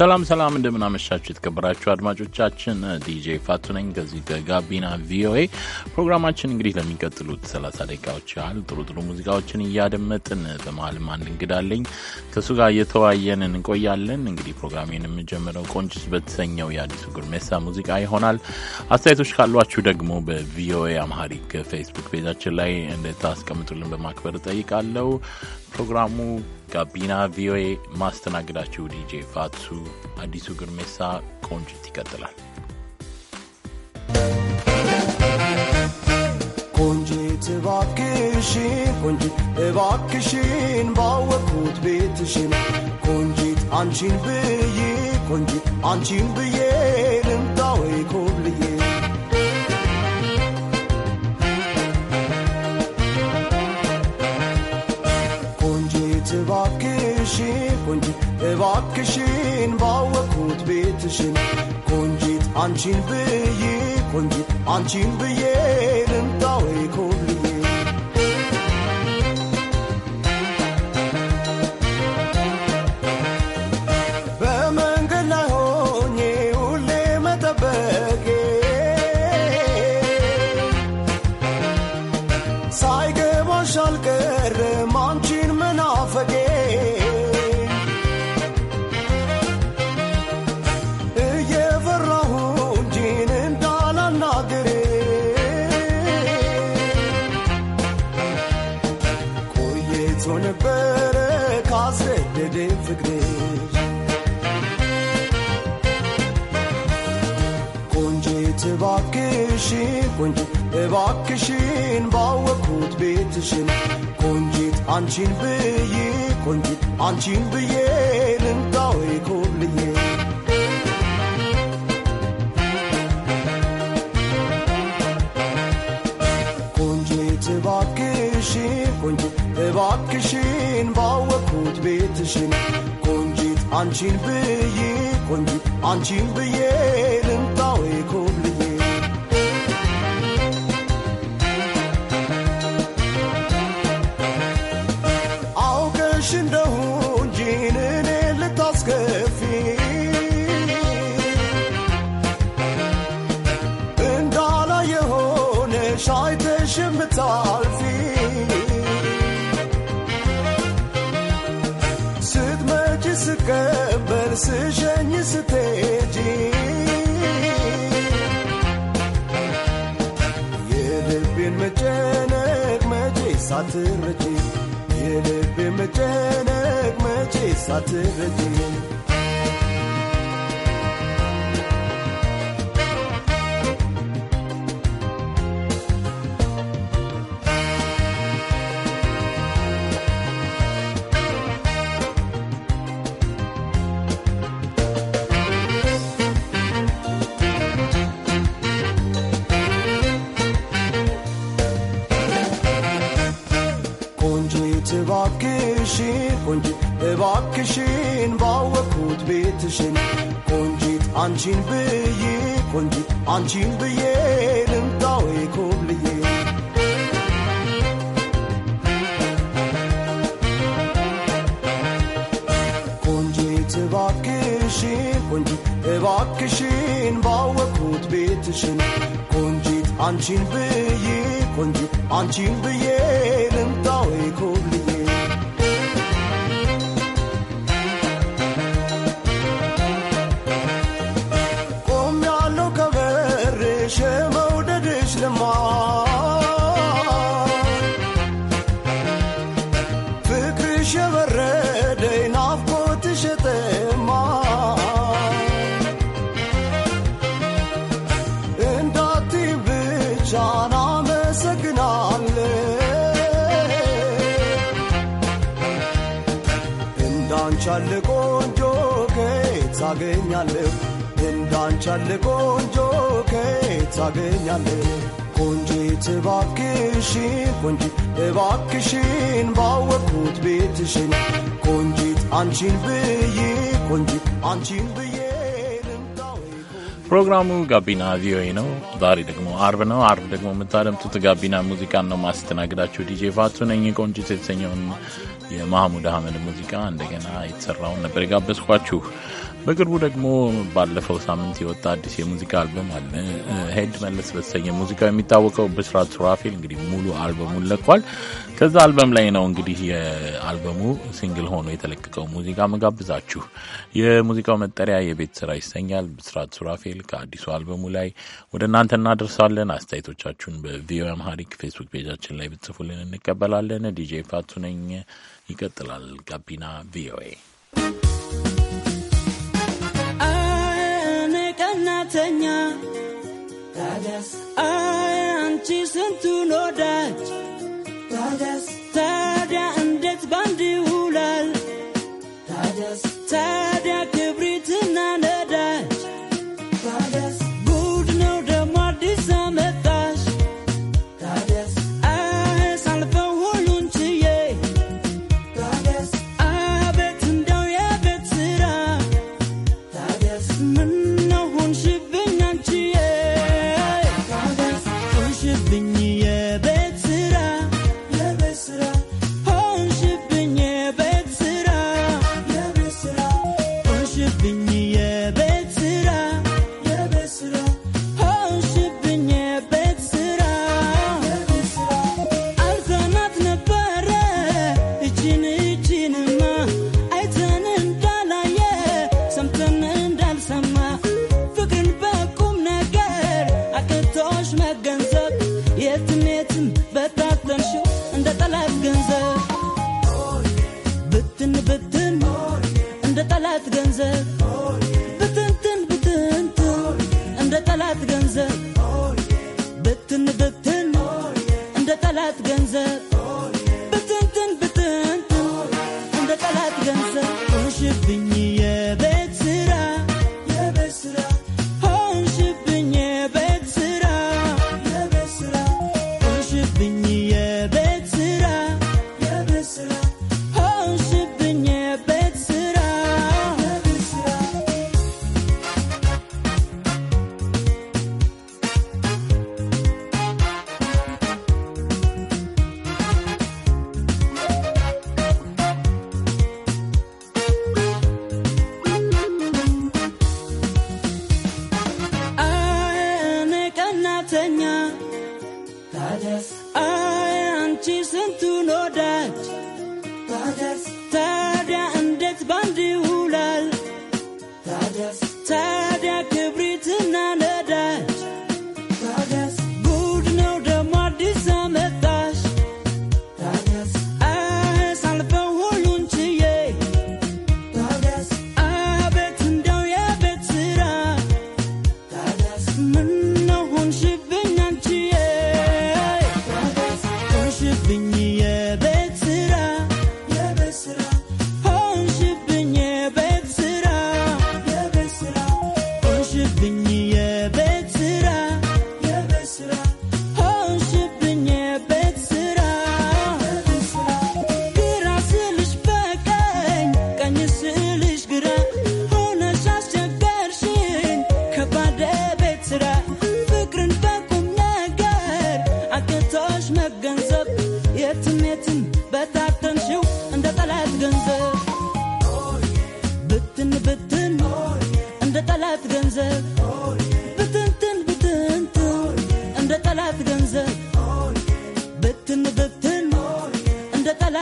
ሰላም ሰላም፣ እንደምናመሻችሁ የተከበራችሁ አድማጮቻችን፣ ዲጄ ፋቱ ነኝ ከዚህ ከጋቢና ቪኦኤ ፕሮግራማችን እንግዲህ ለሚቀጥሉት 30 ደቂቃዎች ያህል ጥሩ ጥሩ ሙዚቃዎችን እያደመጥን በመሀልም አንድ እንግዳለኝ ከእሱ ጋር እየተወያየን እንቆያለን። እንግዲህ ፕሮግራሜን የምጀምረው ቆንጅት በተሰኘው የአዲሱ ጉርሜሳ ሙዚቃ ይሆናል። አስተያየቶች ካሏችሁ ደግሞ በቪኦኤ አምሃሪክ ፌስቡክ ፔጃችን ላይ እንደታስቀምጡልን በማክበር እጠይቃለሁ። ፕሮግራሙ ጋቢና ቪኦኤ ማስተናግዳችሁ ዲጄ ፋትሱ አዲሱ ግርሜሳ ቆንጅት ይቀጥላል። ቆንጅት እባክሽን ቆንጅት እባክሽን ባወቅኩት ቤትሽን ቆንጅት አንቺን ብዬ ቆንጅት አንቺን ብዬ ልብስሽን ቆንጂት አንቺን ብዬ ቆንጂት አንቺን ብዬ ልምጣ ኮብልዬ በመንገድ ላይ ሆኜ ሁሌ መጠበቄ ሳይገባሽ አልቀረም ቆንጂ እባክሽን ባወቅኩት ቤትሽን ቆንጂት አንቺን ብዬ ቆንጂት አንቺን ብዬ ልምጣወይ ኮብልዬ ቆንጂት እባክሽን ቆንጂት እባክሽን ባወቅኩት ቤትሽን ቆንጂት አንቺን ብዬ ቆንጂት አንቺን ብዬ ልምጣወይ ኮብልዬ ስሸኝ ስትሄጂ የልቤን መጨነቅ መቼ ሳትረጂ የልቤን መጨነቅ መቼ ሳትረጂ ቆንጂ እባክሽን ባወቅኩት ቤትሽን ቆንጂት አንቺን ብዬ ቆንጂት አንቺን ብዬ ልምጣ ወይ ኮብልዬ ቆንጂት እባክሽን ቆንጂት እባክሽን ባወቅኩት ቤትሽን ቆንጂት አንቺን ብዬ ቆንጂት አንቺን ብዬ ልምጣ ወይ ታገኛለህ እንዳንቻለ ቆንጆ ከየት ታገኛለህ? ቆንጂት እባክሽን ቆንጂት እባክሽን ባወቅኩት ቤትሽን ቆንጂት አንቺን ብዬ ቆንጂት አንቺን ብዬ ፕሮግራሙ ጋቢና ቪኦኤ ነው። ዛሬ ደግሞ አርብ ነው። አርብ ደግሞ የምታደምጡት ጋቢና ሙዚቃን ነው። ማስተናግዳቸው ዲጄ ፋቱ ነኝ። ቆንጂት የተሰኘውን የማህሙድ አህመድ ሙዚቃ እንደገና የተሰራውን ነበር የጋበዝኳችሁ። በቅርቡ ደግሞ ባለፈው ሳምንት የወጣ አዲስ የሙዚቃ አልበም አለ። ሄድ መለስ በተሰኘ ሙዚቃው የሚታወቀው ብስራት ሱራፌል እንግዲህ ሙሉ አልበሙን ለቋል። ከዛ አልበም ላይ ነው እንግዲህ የአልበሙ ሲንግል ሆኖ የተለቀቀው ሙዚቃ መጋብዛችሁ። የሙዚቃው መጠሪያ የቤት ስራ ይሰኛል። ብስራት ሱራፌል ከአዲሱ አልበሙ ላይ ወደ እናንተ እናደርሳለን። አስተያየቶቻችሁን በቪኦኤ አምሃሪክ ፌስቡክ ፔጃችን ላይ ብጽፉልን እንቀበላለን። ዲጄ ፋቱ ነኝ። ይቀጥላል ጋቢና ቪኦኤ እውነተኛ አይ አንቺ ስንቱን ወዳጅ ታዲያ እንዴት ባንድ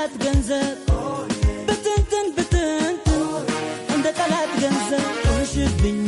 ጠላት ገንዘብ ብትንትን ብትንትን እንደ ጠላት ገንዘብ ሽብኝ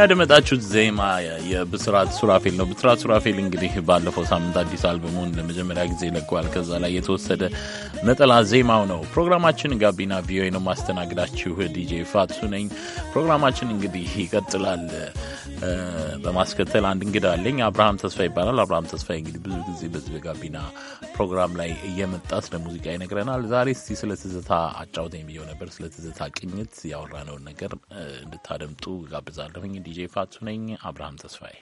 ያደመጣችሁት ዜማ የብስራት ሱራፌል ነው። ብስራት ሱራፌል እንግዲህ ባለፈው ሳምንት አዲስ አልበሙን ለመጀመሪያ ጊዜ ለቋል። ከዛ ላይ የተወሰደ ነጠላ ዜማው ነው። ፕሮግራማችን ጋቢና ቪኦኤ ነው። ማስተናግዳችሁ ዲጄ ፋቱ ነኝ። ፕሮግራማችን እንግዲህ ይቀጥላል። በማስከተል አንድ እንግዳ አለኝ። አብርሃም ተስፋ ይባላል። አብርሃም ተስፋ እንግዲህ ብዙ ጊዜ በዚህ በጋቢና ፕሮግራም ላይ እየመጣ ስለ ሙዚቃ ይነግረናል። ዛሬ እስቲ ስለ ትዝታ አጫውተኝ ብየው ነበር። ስለ ትዝታ ቅኝት ያወራነውን ነገር እንድታደምጡ ጋብዛለሁኝ። ዲጄ ፋቱ ነኝ። አብርሃም ተስፋዬ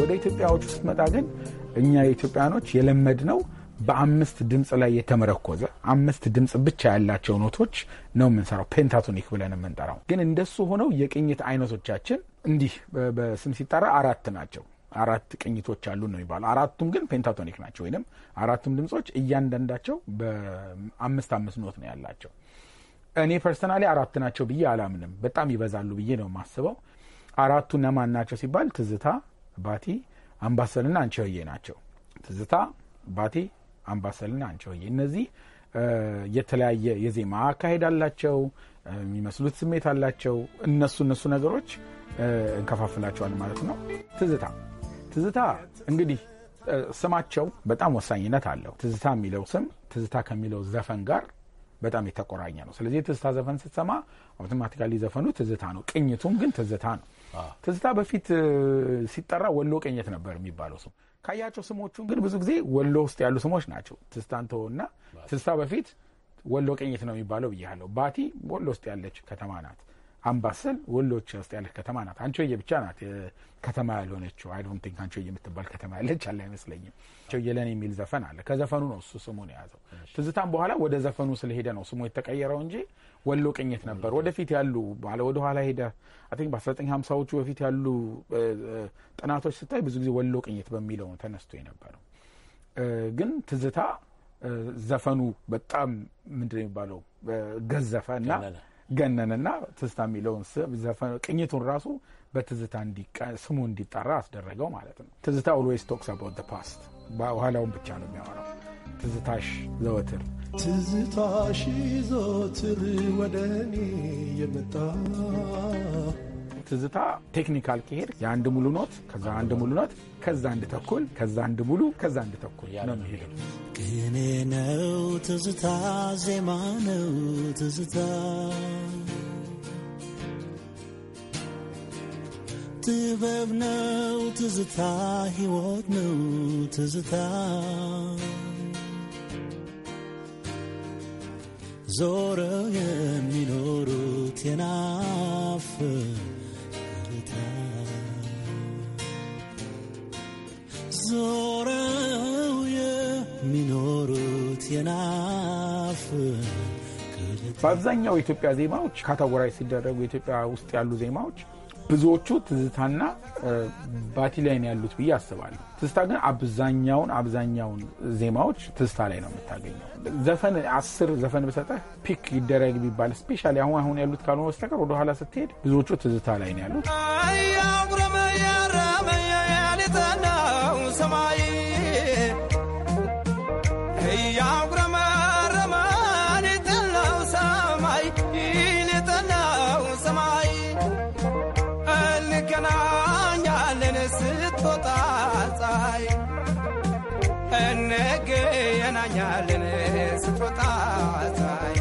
ወደ ኢትዮጵያዎቹ ስትመጣ ግን እኛ የኢትዮጵያኖች የለመድ ነው በአምስት ድምፅ ላይ የተመረኮዘ አምስት ድምፅ ብቻ ያላቸው ኖቶች ነው የምንሰራው፣ ፔንታቶኒክ ብለን የምንጠራው። ግን እንደሱ ሆነው የቅኝት አይነቶቻችን እንዲህ በስም ሲጠራ አራት ናቸው። አራት ቅኝቶች አሉ ነው የሚባለው። አራቱም ግን ፔንታቶኒክ ናቸው፣ ወይም አራቱም ድምጾች እያንዳንዳቸው በአምስት አምስት ኖት ነው ያላቸው። እኔ ፐርሰናሊ አራት ናቸው ብዬ አላምንም። በጣም ይበዛሉ ብዬ ነው የማስበው። አራቱ እነማን ናቸው ሲባል ትዝታ፣ ባቲ፣ አምባሰልና አንቸሆዬ ናቸው። ትዝታ፣ ባቲ፣ አምባሰልና አንቸሆዬ እነዚህ የተለያየ የዜማ አካሄድ አላቸው። የሚመስሉት ስሜት አላቸው። እነሱ እነሱ ነገሮች እንከፋፍላቸዋል ማለት ነው። ትዝታ ትዝታ እንግዲህ ስማቸው በጣም ወሳኝነት አለው። ትዝታ የሚለው ስም ትዝታ ከሚለው ዘፈን ጋር በጣም የተቆራኘ ነው። ስለዚህ የትዝታ ዘፈን ስትሰማ አውቶማቲካሊ ዘፈኑ ትዝታ ነው፣ ቅኝቱም ግን ትዝታ ነው። ትዝታ በፊት ሲጠራ ወሎ ቅኝት ነበር የሚባለው ስም። ካያቸው ስሞቹን ግን ብዙ ጊዜ ወሎ ውስጥ ያሉ ስሞች ናቸው። ትዝታን ተወና ትዝታ በፊት ወሎ ቅኝት ነው የሚባለው ብያለሁ። ባቲ ወሎ ውስጥ ያለች ከተማ ናት። አምባሰል ወሎች ውስጥ ያለች ከተማ ናት። አንቺሆዬ ብቻ ናት ከተማ ያልሆነችው። አይ ዶንት ቲንክ አንቺሆዬ የምትባል ከተማ ያለች አለ አይመስለኝም። አንቺሆዬ ለእኔ የሚል ዘፈን አለ። ከዘፈኑ ነው እሱ ስሙን የያዘው። ትዝታም በኋላ ወደ ዘፈኑ ስለሄደ ነው ስሙ የተቀየረው እንጂ ወሎ ቅኝት ነበር። ወደፊት ያሉ ባለ ወደ ኋላ ሄደ አን በ1950ዎቹ በፊት ያሉ ጥናቶች ስታይ ብዙ ጊዜ ወሎ ቅኝት በሚለው ተነስቶ የነበረው ግን ትዝታ ዘፈኑ በጣም ምንድን የሚባለው ገዘፈ እና ገነንና ትዝታ የሚለውን ቅኝቱን ራሱ በትዝታ ስሙ እንዲጠራ አስደረገው ማለት ነው። ትዝታ ኦልዌይስ ቶክስ አባውት ዘ ፓስት በኋላውን ብቻ ነው የሚያወራው። ትዝታሽ ዘወትር ትዝታሽ ዘወትር ወደ እኔ የመጣ ትዝታ ቴክኒካል ከሄድ የአንድ ሙሉ ኖት ከዛ አንድ ሙሉ ኖት ከዛ አንድ ተኩል ከዛ አንድ ሙሉ ከዛ አንድ ተኩል ነው ሄደ ቅኔ ነው ትዝታ፣ ዜማ ነው ትዝታ፣ ጥበብ ነው ትዝታ፣ ሕይወት ነው ትዝታ ዞረው የሚኖሩት የናፍ ዞረው የሚኖሩት በአብዛኛው የኢትዮጵያ ዜማዎች ካታጎራይ ሲደረጉ የኢትዮጵያ ውስጥ ያሉ ዜማዎች ብዙዎቹ ትዝታና ባቲ ላይ ነው ያሉት ብዬ አስባለሁ። ትዝታ ግን አብዛኛውን አብዛኛውን ዜማዎች ትዝታ ላይ ነው የምታገኘው። ዘፈን አስር ዘፈን ብሰጠህ ፒክ ይደረግ ቢባል ስፔሻሊ አሁን አሁን ያሉት ካልሆነ በስተቀር ወደኋላ ስትሄድ ብዙዎቹ ትዝታ ላይ ነው ያሉት። ሳትወጣ ፀሐይ እንገናኛለን ስትወጣ ፀሐይ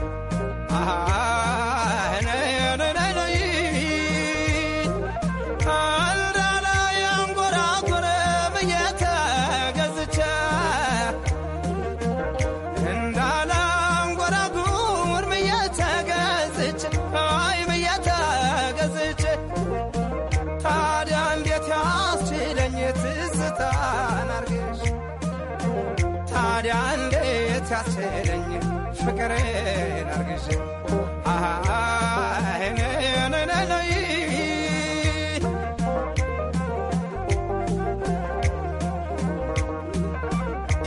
ፍቅሬን አርግሽ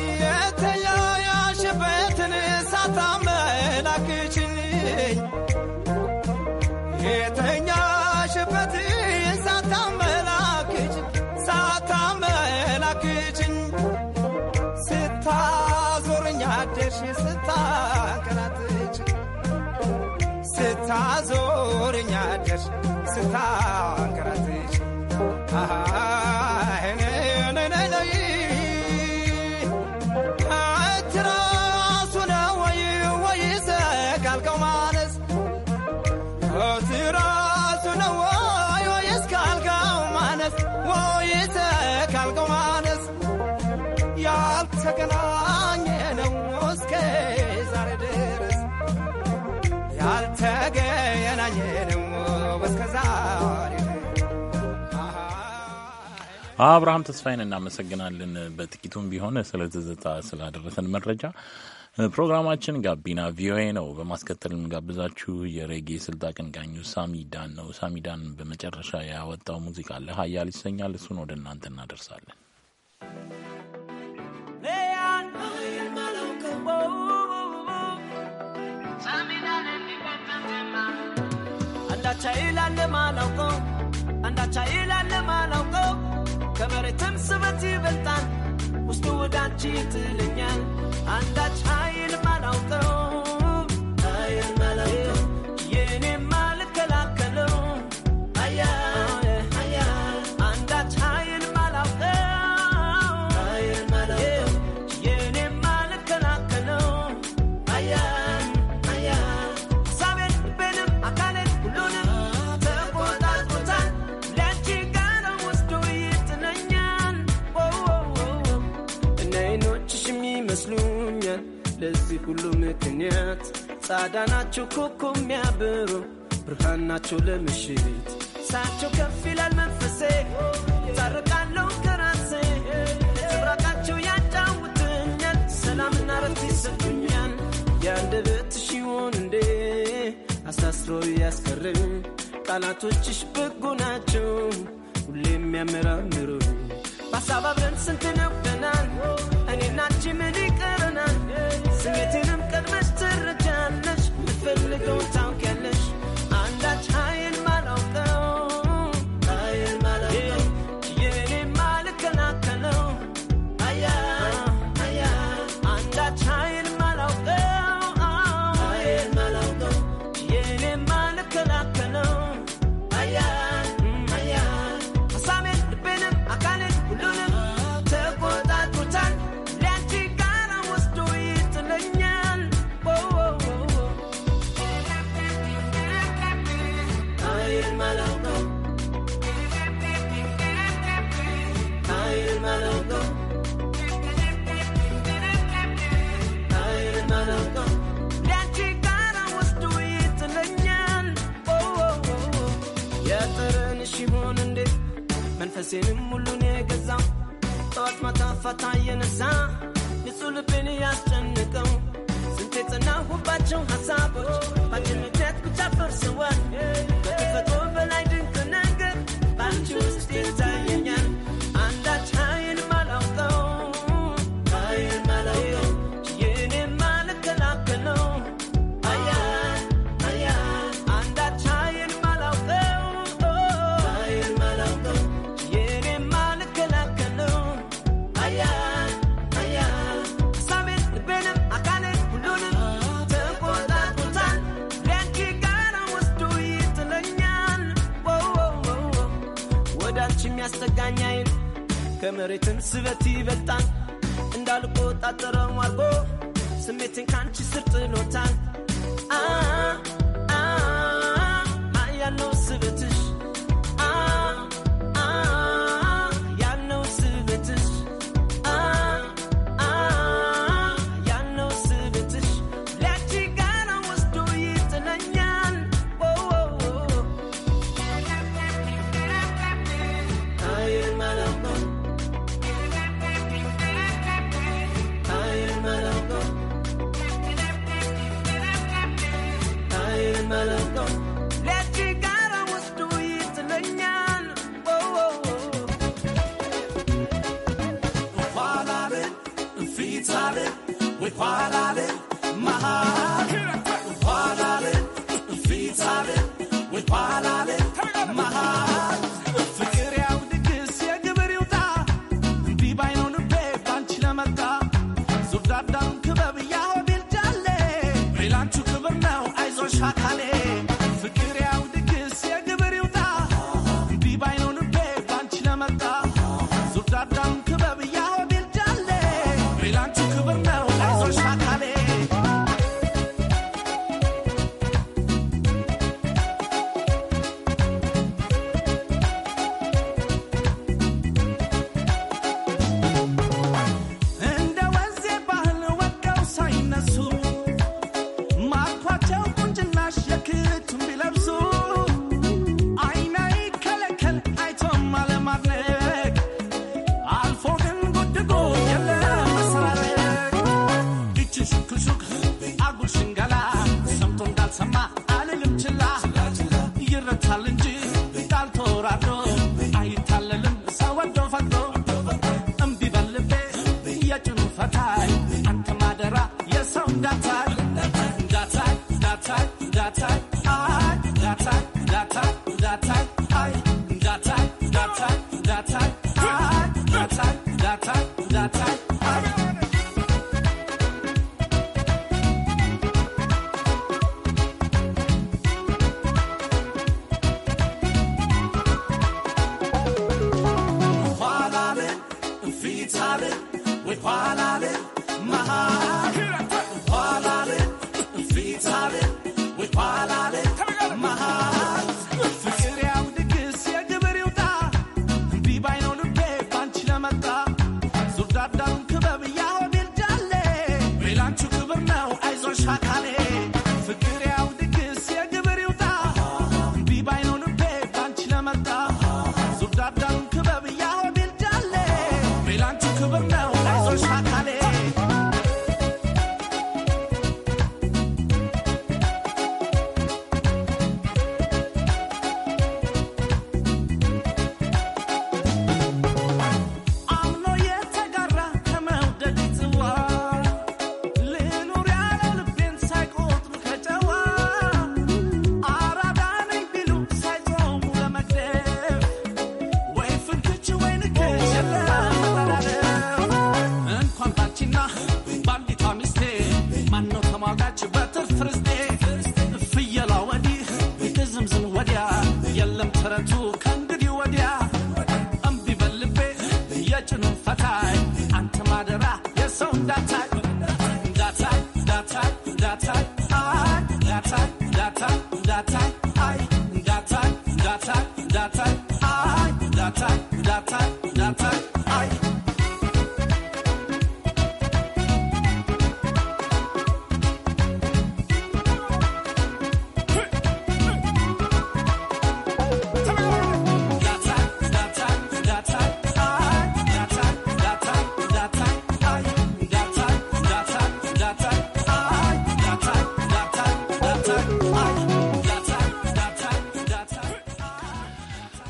የተያያሽበትን ሳታመላክችኝ አብርሃም ተስፋዬን እናመሰግናለን። በጥቂቱም ቢሆን ስለ ትዝታ ስላደረሰን መረጃ ፕሮግራማችን ጋቢና ቪኦኤ ነው። በማስከተል የምንጋብዛችሁ የሬጌ ስልት አቀንቃኙ ሳሚዳን ነው። ሳሚዳን በመጨረሻ ያወጣው ሙዚቃ አለ ሀያል ይሰኛል። እሱን ወደ እናንተ እናደርሳለን። አንዳቻ ይላለ ማላውቀው አንዳቻ ከመሬትም ስበት ይበልጣል ውስጡ ወዳንቺ ትልኛል አንዳች ኃይል ማላውቀው ይመስሉኛል ለዚህ ሁሉ ምክንያት ጻዳ ናቸው ኮኮ የሚያብሩ ብርሃን ናቸው ለምሽት ሳቸው ከፍ ይላል መንፈሴ ታርቃለሁ ከራሴ ትብራቃቸው ያጫውትኛል ሰላምና ረት ይሰጡኛል የአንደበት ሺሆን እንዴ አሳስሮ ያስቀርም ቃላቶችሽ በጎ ናቸው ሁሌ የሚያመራምሩ ማሳባብረን ስንት ነው ገናል እኔና አንቺ ምን ይቀረናል? ስሜትንም ቀድመሽ ትረጃለሽ የምትፈልገውን ነፍሴንም ሁሉን የገዛ ጠዋት ማታ ፋታ የነሳ ንጹሕ ልቤን ያስጨንቀው ስንት የጸናሁባቸው ሀሳቦች ባጭንነት ብቻ ፈርሰዋል። የመሬትን ስበት ይበልጣል እንዳልቆጣጠረው አርጎ ስሜትን ካንቺ ስር ጥሎታል። I've While I live.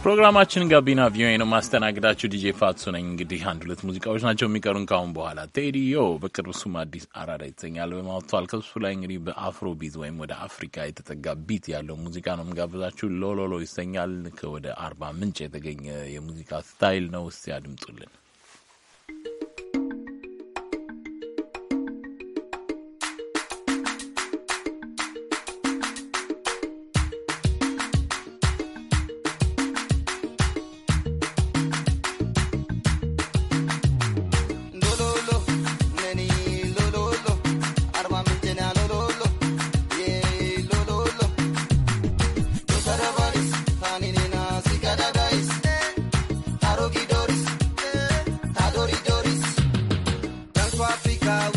ፕሮግራማችን ጋቢና ቪኦኤ ነው። ማስተናግዳችሁ ዲጄ ፋትሱ ነኝ። እንግዲህ አንድ ሁለት ሙዚቃዎች ናቸው የሚቀሩን ካሁን በኋላ ቴዲዮ በቅርብ ሱም አዲስ አራዳ የተሰኛል በማውጥቷል። ከሱ ላይ እንግዲህ በአፍሮ ቢት ወይም ወደ አፍሪካ የተጠጋ ቢት ያለው ሙዚቃ ነው የምጋብዛችሁ። ሎሎሎ ይሰኛል። ወደ አርባ ምንጭ የተገኘ የሙዚቃ ስታይል ነው። እስቲ አድምጡልን። Chicago.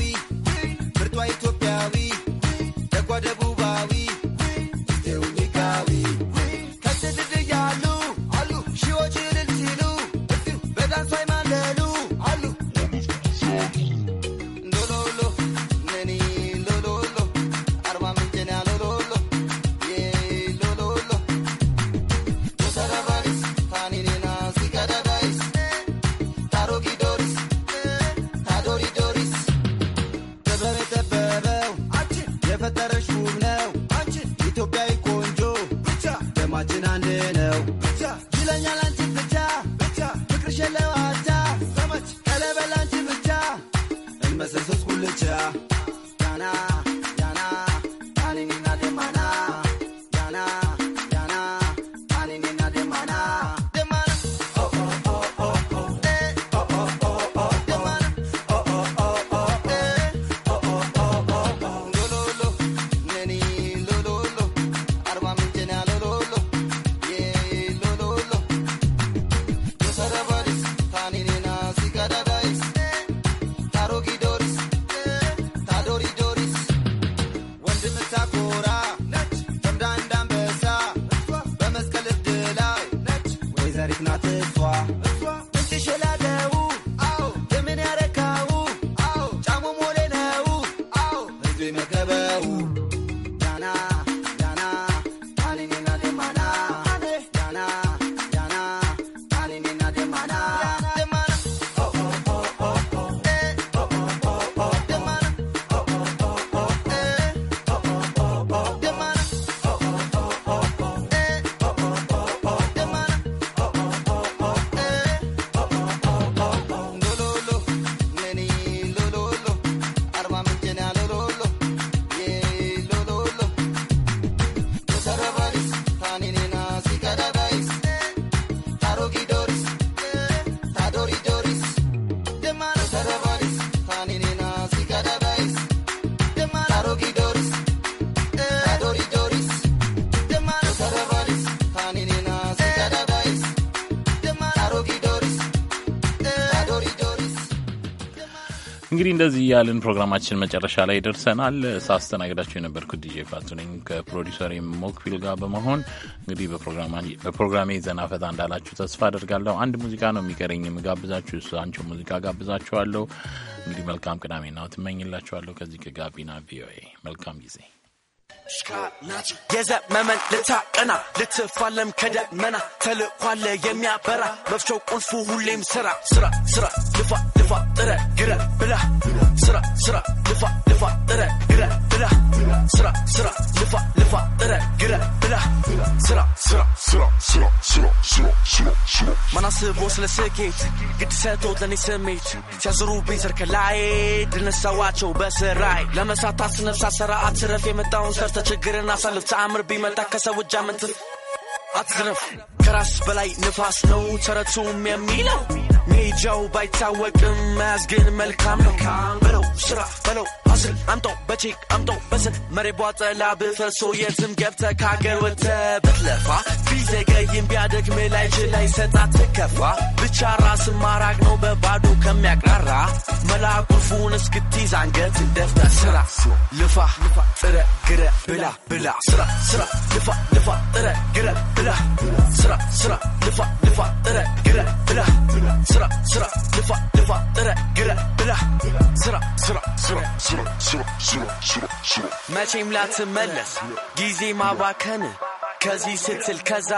እንግዲህ እንደዚህ ያልን ፕሮግራማችን መጨረሻ ላይ ደርሰናል። ሳስተናግዳቸው የነበርኩ ዲጄ ፋቱ ነኝ ከፕሮዲሰር ሞክፊል ጋር በመሆን እንግዲህ በፕሮግራሜ ዘና ፈታ እንዳላችሁ ተስፋ አደርጋለሁ። አንድ ሙዚቃ ነው የሚቀረኝ የምጋብዛችሁ፣ እሱ አንቺ ሙዚቃ ጋብዛችኋለሁ። እንግዲህ መልካም ቅዳሜ ናው ትመኝላችኋለሁ። ከዚህ ከጋቢና ቪኦኤ መልካም ጊዜ የዘመመን ልታቀና ልትፋለም ከደመና ተልኳለ የሚያበራ መፍቸው ቁልፉ ሁሌም ስራ ስራ ስራ ልፋ ልፋ ጥረ ግረ ብላ ስራ ስራ ልፋ ልፋ ጥረ ግረ ብላ ስራ ስራ ልፋ ልፋ ጥረ ግረ ብላ ስራ ስራ ስራ ስራ ስራ ስራ ስራ ስራ ማናስቦ ስለ ስኬት ግድ ሰቶት ለኔ ስሜት ሲያዝሩብኝ ስር ከላይ ድል በስራይ ለመሳት ታስነብሳ ስራ አትረፍ የመጣውን ሰርተ ተነስተ ችግርን አሳልፍ ተአምር ቢመጣ ከሰው እጅ አመንት አትዝረፍ ከራስ በላይ ንፋስ ነው ተረቱም የሚለው ሜጃው ባይታወቅም መያዝ ግን መልካም ነው። በለው ስራ በለው አስል አምጠው በቼክ አምጠው በስን መሬቧ ጠላ ብፈሶ የትም ገብተ ከሀገር ወጥተ ብትለፋ ቢዘገይም ቢያደክም ላይ ችል ላይ ሰጣ ትከፋ ብቻ ራስን ማራቅ ነው በባዶ ከሚያቅራራ መላ ቁልፉን እስክትይዝ አንገት ደፍተ ስራ ልፋ ጥረ ግረ ብላ ብላ ስራ ስራ ልፋ ልፋ ጥረ ግረ ብላ ስራ ስራ ልፋ ልፋ ጥረ ግረ ብላ ስራ ስራ ልፋ ልፋ ጥረ ግረ ብላ ስራ ስራ ስራ ስራ ስራ ስራ ስራ ስራ መቼም ላትመለስ ጊዜ ማባከን ከዚህ ስትል ከዛ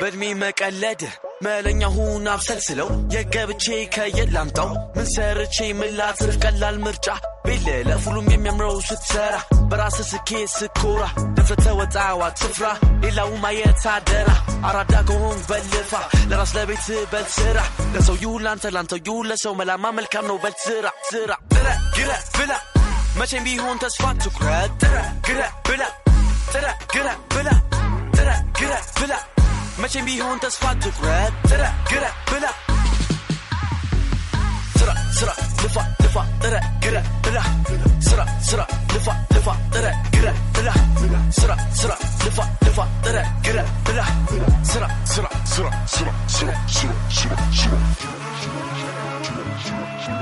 በእድሜ መቀለድህ መለኛሁን አብሰልስለው የገብቼ ከየት ላምጣው ምን ሰርቼ ምን ላትርፍ ቀላል ምርጫ ቤለለፍ ሁሉም የሚያምረው ስትሰራ በራስህ ስኬት ስኮራ ደፍረህ ተወጣው አትፍራ ሌላው ማየት አደራ አራዳ ከሆንክ በልፋ ለራስ ለቤትህ በል ስራ ለሰው ይሁን ላንተ ላንተው ይሁን ለሰው መላማ መልካም ነው በል ስራ ስራ ጥረ ግረ ብላ መቼም ቢሆን ተስፋ ትኩረት ጥረ ግረ ብላ ጥረ ግረ ብላ ጥረ ግረ ብላ matching me on the spot to grab. Get up, get up, get up. Sit up, sit up, lift up, lift up, get up, get up, get up. Sit up, sit up, lift up, lift up, get up, get up, get up. Sit up, sit up, lift up, lift up, get up, get up, get up. Sit up, sit up, sit up, sit up, sit up, sit up, sit up, sit up.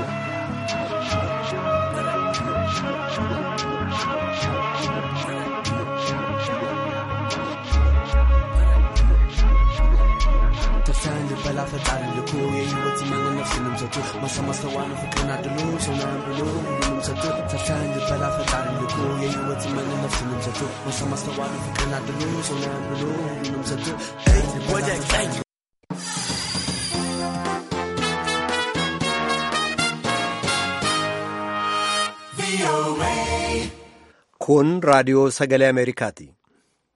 መላ ፈጣሪ ልኮ የህይወት ማን ነፍስንም ሰጥቶ ማሰማስተዋን ፍቅርን አድሎ ሰውናን ብሎ ሁሉንም ሰጥቶ ሰርተን ልበላ ፈጣሪ ልኮ የህይወት ማን ነፍስንም ሰጥቶ ማሰማስተዋን ፍቅርን አድሎ ሰውናን ብሎ ሁሉንም ሰጥቶ ወደ ቀኝ Con Radio Sagale Americati.